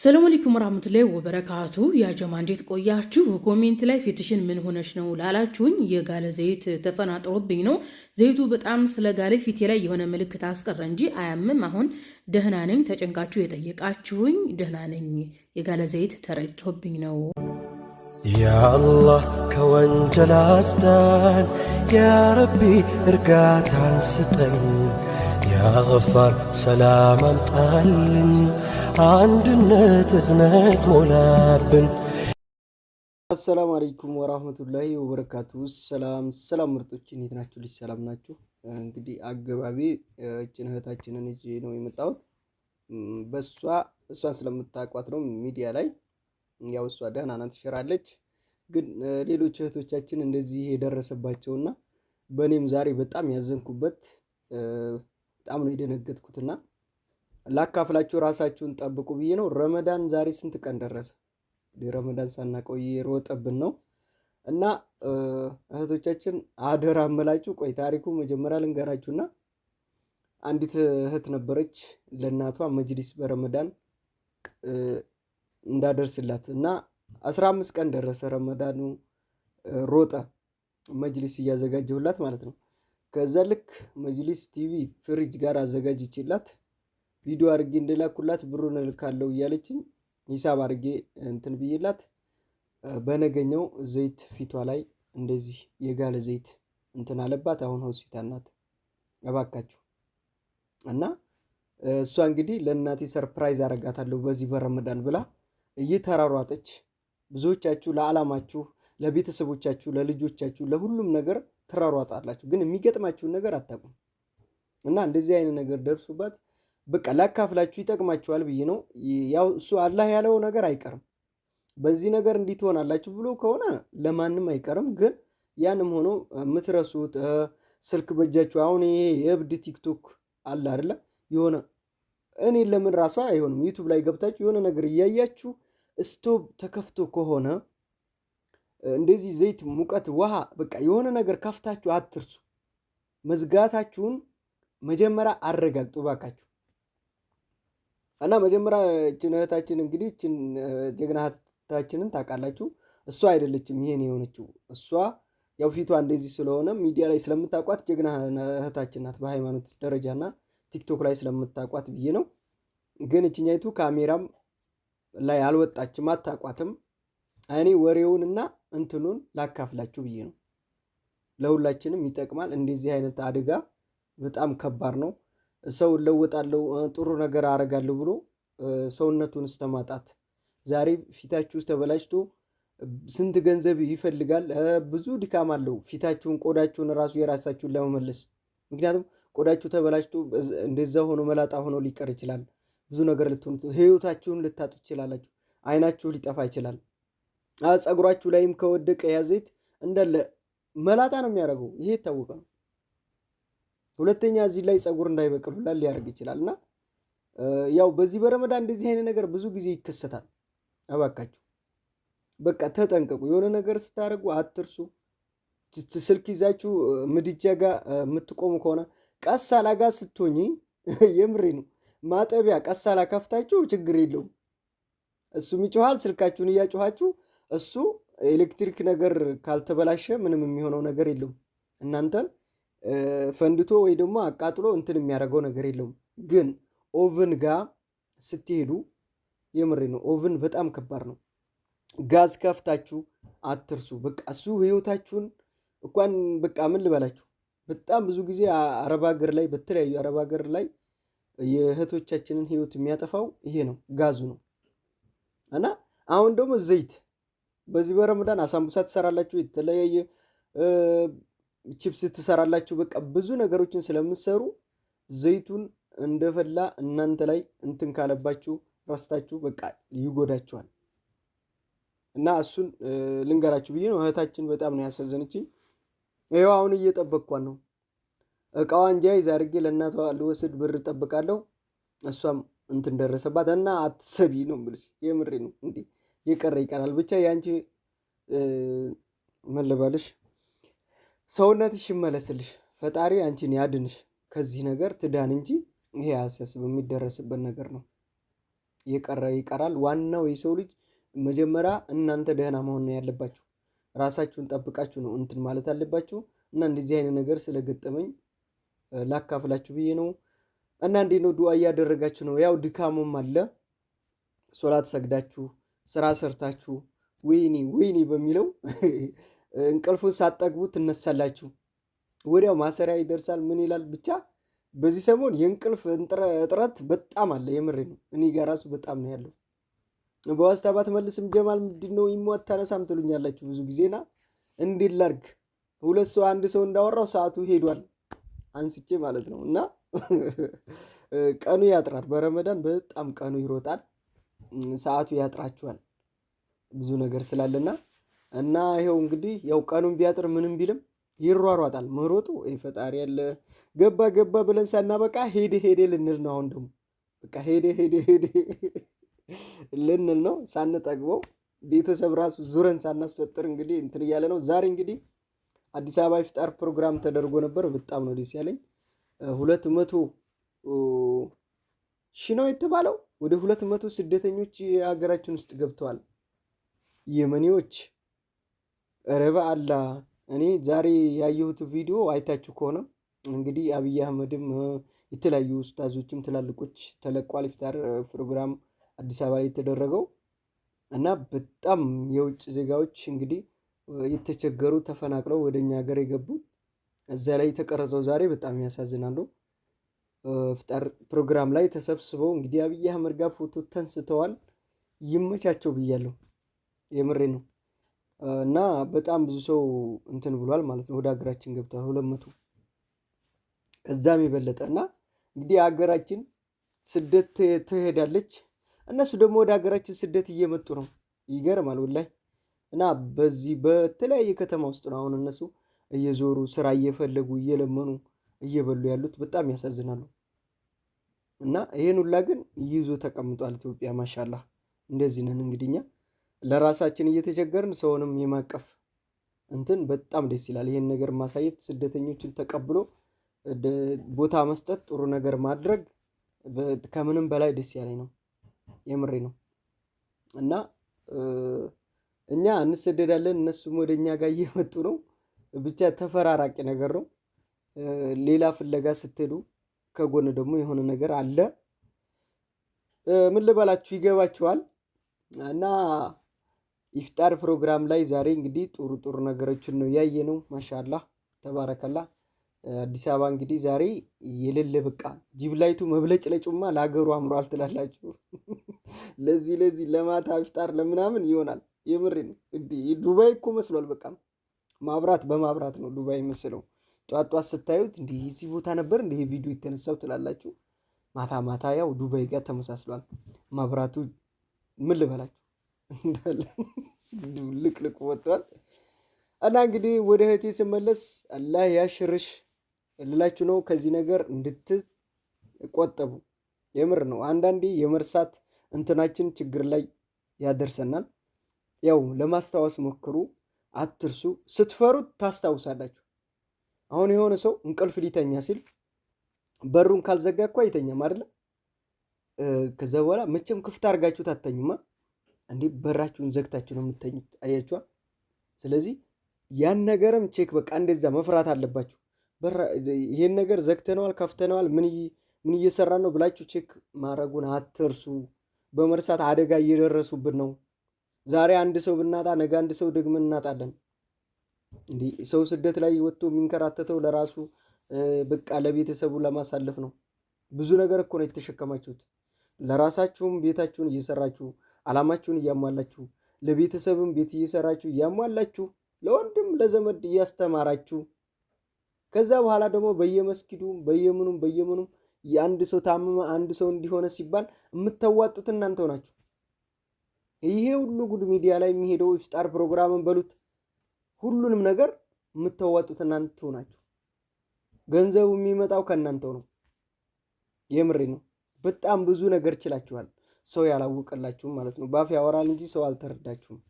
ሰላም አለይኩም ወራህመቱላሂ ወበረካቱ። ያ ጀማ እንዴት ቆያችሁ? ኮሜንት ላይ ፊትሽን ምን ሆነች ነው ላላችሁኝ የጋለ ዘይት ተፈናጥሮብኝ ነው። ዘይቱ በጣም ስለጋለ ፊቴ ላይ የሆነ ምልክት አስቀረ እንጂ አያምም። አሁን ደህና ነኝ። ተጨንቃችሁ የጠየቃችሁኝ ደህና ነኝ። የጋለ ዘይት ተረጭቶብኝ ነው። ያ አላህ ከወንጀል አስዳን፣ ያ ረቢ እርጋታን ስጠኝ ያ ሰላም አምጣልን፣ አንድነት እዝነት ሞላብን። አሰላሙ አለይኩም ወራህመቱላሂ ወበረካቱ። ሰላም ሰላም፣ ምርጦች እንዴት ናችሁ? ልጅ ሰላም ናችሁ? እንግዲህ አገባቢ እችን እህታችንን እጅ ነው የመጣሁት። በእሷ እሷን ስለምታውቋት ነው ሚዲያ ላይ ያው እሷ ደህና ናት ትሽራለች። ግን ሌሎች እህቶቻችን እንደዚህ የደረሰባቸውና በእኔም ዛሬ በጣም ያዘንኩበት በጣም ነው የደነገጥኩትና ላካፍላችሁ ራሳችሁን ጠብቁ ብዬ ነው። ረመዳን ዛሬ ስንት ቀን ደረሰ? ረመዳን ሳናቆይ ሮጠብን ነው እና እህቶቻችን አደራ አመላችሁ። ቆይ ታሪኩ መጀመሪያ ልንገራችሁና አንዲት እህት ነበረች ለእናቷ መጅሊስ በረመዳን እንዳደርስላት እና አስራ አምስት ቀን ደረሰ ረመዳኑ ሮጠ። መጅሊስ እያዘጋጀሁላት ማለት ነው ከዛ ልክ መጅሊስ ቲቪ ፍሪጅ ጋር አዘጋጅችላት ቪዲዮ አድርጌ እንደላኩላት ብሩን እልካለሁ እያለችኝ ሂሳብ አድርጌ እንትን ብዬላት በነገኛው ዘይት ፊቷ ላይ እንደዚህ የጋለ ዘይት እንትን አለባት። አሁን ሆስፒታል ናት። እባካችሁ እና እሷ እንግዲህ ለእናቴ ሰርፕራይዝ አረጋታለሁ በዚህ በረመዳን ብላ እየተራሯጠች ብዙዎቻችሁ ለዓላማችሁ ለቤተሰቦቻችሁ፣ ለልጆቻችሁ፣ ለሁሉም ነገር ትራሯጣላችሁ፣ ግን የሚገጥማችሁን ነገር አታውቁም። እና እንደዚህ አይነት ነገር ደርሱባት በቃ ላካፍላችሁ ይጠቅማችኋል ብዬ ነው። ያው እሱ አላህ ያለው ነገር አይቀርም። በዚህ ነገር እንዲህ ትሆናላችሁ ብሎ ከሆነ ለማንም አይቀርም። ግን ያንም ሆኖ የምትረሱት ስልክ በእጃችሁ አሁን ይሄ የእብድ ቲክቶክ አለ አይደለ? የሆነ እኔ ለምን ራሷ አይሆንም ዩቱብ ላይ ገብታችሁ የሆነ ነገር እያያችሁ ስቶብ ተከፍቶ ከሆነ እንደዚህ ዘይት፣ ሙቀት፣ ውሃ በቃ የሆነ ነገር ከፍታችሁ አትርሱ። መዝጋታችሁን መጀመሪያ አረጋግጡ ባካችሁ እና መጀመሪያ እችን እህታችን እንግዲህ እችን ጀግና እህታችንን ታውቃላችሁ። እሷ አይደለችም ይሄን የሆነችው እሷ ያው ፊቷ እንደዚህ ስለሆነ ሚዲያ ላይ ስለምታውቋት ጀግና እህታችን ናት፣ በሃይማኖት ደረጃና ቲክቶክ ላይ ስለምታውቋት ብዬ ነው። ግን እችኛይቱ ካሜራም ላይ አልወጣችም፣ አታውቋትም። እኔ ወሬውንና እንትኑን ላካፍላችሁ ብዬ ነው። ለሁላችንም ይጠቅማል። እንደዚህ አይነት አደጋ በጣም ከባድ ነው። ሰው ለውጣለው ጥሩ ነገር አረጋለሁ ብሎ ሰውነቱን እስተማጣት ዛሬ ፊታችሁ ተበላሽቶ ስንት ገንዘብ ይፈልጋል። ብዙ ድካም አለው። ፊታችሁን፣ ቆዳችሁን ራሱ የራሳችሁን ለመመለስ ምክንያቱም ቆዳችሁ ተበላሽቶ እንደዛ ሆኖ መላጣ ሆኖ ሊቀር ይችላል። ብዙ ነገር ልትሆኑ፣ ህይወታችሁን ልታጡ ይችላላችሁ። አይናችሁ ሊጠፋ ይችላል። ጸጉራችሁ ላይም ከወደቀ ያ እንዳለ መላጣ ነው የሚያደርገው። ይሄ የታወቀ ነው። ሁለተኛ እዚህ ላይ ጸጉር እንዳይበቅል ሁላ ሊያደርግ ይችላል እና ያው በዚህ በረመዳ እንደዚህ አይነት ነገር ብዙ ጊዜ ይከሰታል። እባካችሁ በቃ ተጠንቀቁ። የሆነ ነገር ስታደርጉ አትርሱ። ስልክ ይዛችሁ ምድጃ ጋር የምትቆሙ ከሆነ ቀሳላ ጋር ስትሆኝ የምሬ ነው ማጠቢያ ቀሳላ ከፍታችሁ ችግር የለውም እሱም ይጮኋል። ስልካችሁን እያጮኋችሁ እሱ ኤሌክትሪክ ነገር ካልተበላሸ ምንም የሚሆነው ነገር የለውም። እናንተን ፈንድቶ ወይ ደግሞ አቃጥሎ እንትን የሚያደርገው ነገር የለውም። ግን ኦቭን ጋ ስትሄዱ የምሬ ነው፣ ኦቭን በጣም ከባድ ነው። ጋዝ ከፍታችሁ አትርሱ። በቃ እሱ ህይወታችሁን እንኳን በቃ ምን ልበላችሁ፣ በጣም ብዙ ጊዜ አረብ ሀገር ላይ በተለያዩ አረብ ሀገር ላይ የእህቶቻችንን ህይወት የሚያጠፋው ይሄ ነው፣ ጋዙ ነው እና አሁን ደግሞ ዘይት በዚህ በረመዳን አሳምቡሳ ትሰራላችሁ፣ የተለያየ ቺፕስ ትሰራላችሁ። በቃ ብዙ ነገሮችን ስለምትሰሩ ዘይቱን እንደፈላ እናንተ ላይ እንትን ካለባችሁ ረስታችሁ በቃ ይጎዳችኋል። እና እሱን ልንገራችሁ ብዬ ነው። እህታችን በጣም ነው ያሳዘነችኝ። ይኸው አሁን እየጠበቅኳን ነው። እቃዋ እንጃ ይዛ አድርጌ ለእናቷ ልወስድ ብር ጠብቃለሁ። እሷም እንትን ደረሰባት እና አትሰቢ ነው የምልሽ። የምሬ ነው እንዴ የቀረ ይቀራል። ብቻ የአንቺ መለባልሽ ሰውነትሽ ይመለስልሽ። ፈጣሪ አንቺን ያድንሽ ከዚህ ነገር ትዳን እንጂ ይሄ አያሳስብ የሚደረስበት ነገር ነው። የቀረ ይቀራል። ዋናው የሰው ልጅ መጀመሪያ እናንተ ደህና መሆን ያለባችሁ። ራሳችሁን ጠብቃችሁ ነው እንትን ማለት አለባችሁ። እና እንደዚህ አይነት ነገር ስለገጠመኝ ላካፍላችሁ ብዬ ነው። እና እንዴት ነው ዱዓ እያደረጋችሁ ነው? ያው ድካሙም አለ ሶላት ሰግዳችሁ ስራ ሰርታችሁ ወይኔ ወይኔ በሚለው እንቅልፉን ሳጠግቡ ትነሳላችሁ። ወዲያው ማሰሪያ ይደርሳል። ምን ይላል ብቻ በዚህ ሰሞን የእንቅልፍ እጥረት በጣም አለ። የምሬ ነው። እኔ ጋር ራሱ በጣም ነው ያለው። በዋስታ ባትመልስም ጀማል ምንድን ነው ይሟት ታነሳም ትሉኛላችሁ ብዙ ጊዜና እንዴት ላድርግ? ሁለት ሰው አንድ ሰው እንዳወራው ሰዓቱ ሄዷል አንስቼ ማለት ነው። እና ቀኑ ያጥራል። በረመዳን በጣም ቀኑ ይሮጣል። ሰዓቱ ያጥራችኋል ብዙ ነገር ስላለና እና ይኸው እንግዲህ ያው ቀኑን ቢያጥር ምንም ቢልም ይሯሯጣል መሮጡ ፈጣሪ ያለ ገባ ገባ ብለን ሳናበቃ ሄደ ሄደ ልንል ነው። አሁን ደግሞ በቃ ሄደ ሄደ ሄደ ልንል ነው ሳንጠግበው ቤተሰብ ራሱ ዙረን ሳናስፈጥር እንግዲህ እንትን እያለ ነው። ዛሬ እንግዲህ አዲስ አበባ ይፍጣር ፕሮግራም ተደርጎ ነበር። በጣም ነው ደስ ያለኝ። ሁለት መቶ ሺ ነው የተባለው ወደ ሁለት መቶ ስደተኞች የሀገራችን ውስጥ ገብተዋል። የመኔዎች ረበ አላ እኔ ዛሬ ያየሁት ቪዲዮ አይታችሁ ከሆነ እንግዲህ አብይ አህመድም የተለያዩ ውስታዞችም ትላልቆች ተለቋል። ኢፍጣር ፕሮግራም አዲስ አበባ ላይ የተደረገው እና በጣም የውጭ ዜጋዎች እንግዲህ የተቸገሩ ተፈናቅለው ወደ እኛ ሀገር የገቡ እዛ ላይ የተቀረጸው ዛሬ በጣም ያሳዝናሉ። ፍጣር ፕሮግራም ላይ ተሰብስበው እንግዲህ አብይ አህመድ ጋር ፎቶ ተንስተዋል። ይመቻቸው ብያለሁ። የምሬ ነው። እና በጣም ብዙ ሰው እንትን ብሏል ማለት ነው። ወደ ሀገራችን ገብቷል ሁለት መቶ ከዛም የበለጠ እና እንግዲህ ሀገራችን ስደት ትሄዳለች። እነሱ ደግሞ ወደ ሀገራችን ስደት እየመጡ ነው። ይገርማል ወላሂ። እና በዚህ በተለያየ ከተማ ውስጥ ነው አሁን እነሱ እየዞሩ ስራ እየፈለጉ እየለመኑ እየበሉ ያሉት። በጣም ያሳዝናሉ። እና ይህን ሁላ ግን ይዞ ተቀምጧል ኢትዮጵያ። ማሻላ እንደዚህ ነን እንግዲህ እኛ ለራሳችን እየተቸገርን ሰውንም የማቀፍ እንትን በጣም ደስ ይላል። ይህን ነገር ማሳየት፣ ስደተኞችን ተቀብሎ ቦታ መስጠት፣ ጥሩ ነገር ማድረግ ከምንም በላይ ደስ ያለኝ ነው። የምሬ ነው እና እኛ እንሰደዳለን፣ እነሱም ወደ እኛ ጋር እየመጡ ነው። ብቻ ተፈራራቂ ነገር ነው። ሌላ ፍለጋ ስትሄዱ ከጎን ደግሞ የሆነ ነገር አለ። ምን ልበላችሁ ይገባችኋል። እና ኢፍጣር ፕሮግራም ላይ ዛሬ እንግዲህ ጥሩ ጥሩ ነገሮችን ነው ያየ ነው። ማሻላ ተባረከላ። አዲስ አበባ እንግዲህ ዛሬ የሌለ በቃ ጅብላይቱ መብለጭ ለጩማ ለሀገሩ አምሯል ትላላችሁ። ለዚህ ለዚህ ለማታ ኢፍጣር ለምናምን ይሆናል። የምሬ ዱባይ እኮ መስሏል። በቃ ማብራት በማብራት ነው ዱባይ መስለው ጧት ጧት ስታዩት እንዲህ እዚህ ቦታ ነበር እንዲህ ቪዲዮ የተነሳው ትላላችሁ። ማታ ማታ ያው ዱባይ ጋር ተመሳስሏል። መብራቱ ምን ልበላችሁ እንዳለ ልቅልቅ ወጥቷል። እና እንግዲህ ወደ እህቴ ስመለስ አላህ ያሽርሽ ልላችሁ ነው። ከዚህ ነገር እንድትቆጠቡ የምር ነው። አንዳንዴ የመርሳት እንትናችን ችግር ላይ ያደርሰናል። ያው ለማስታወስ ሞክሩ፣ አትርሱ። ስትፈሩት ታስታውሳላችሁ። አሁን የሆነ ሰው እንቅልፍ ሊተኛ ሲል በሩን ካልዘጋ እኮ አይተኛም አይደለም። ከዛ በኋላ መቼም ክፍት አድርጋችሁት አተኙማ። እንዴ በራችሁን ዘግታችሁ ነው የምተኙት። አያችኋ። ስለዚህ ያን ነገርም ቼክ በቃ እንደዛ መፍራት አለባችሁ። ይሄን ነገር ዘግተነዋል፣ ከፍተነዋል፣ ምን እየሰራ ነው ብላችሁ ቼክ ማድረጉን አትርሱ። በመርሳት አደጋ እየደረሱብን ነው። ዛሬ አንድ ሰው ብናጣ ነገ አንድ ሰው ደግመን እናጣለን። እንዲህ ሰው ስደት ላይ ወጥቶ የሚንከራተተው ለራሱ በቃ ለቤተሰቡ ለማሳለፍ ነው። ብዙ ነገር እኮ ነው የተሸከማችሁት። ለራሳችሁም ቤታችሁን እየሰራችሁ አላማችሁን እያሟላችሁ ለቤተሰብም ቤት እየሰራችሁ እያሟላችሁ ለወንድም ለዘመድ እያስተማራችሁ ከዛ በኋላ ደግሞ በየመስጊዱ በየምኑም በየምኑም የአንድ ሰው ታመመ አንድ ሰው እንዲሆነ ሲባል የምታዋጡት እናንተው ናችሁ። ይሄ ሁሉ ጉድ ሚዲያ ላይ የሚሄደው ኢፍጣር ፕሮግራምን በሉት ሁሉንም ነገር የምታዋጡት እናንተ ናችሁ። ገንዘቡ የሚመጣው ከእናንተው ነው። የምሬ ነው። በጣም ብዙ ነገር ችላችኋል። ሰው ያላወቀላችሁም ማለት ነው። ባፍ ያወራል እንጂ ሰው አልተረዳችሁም።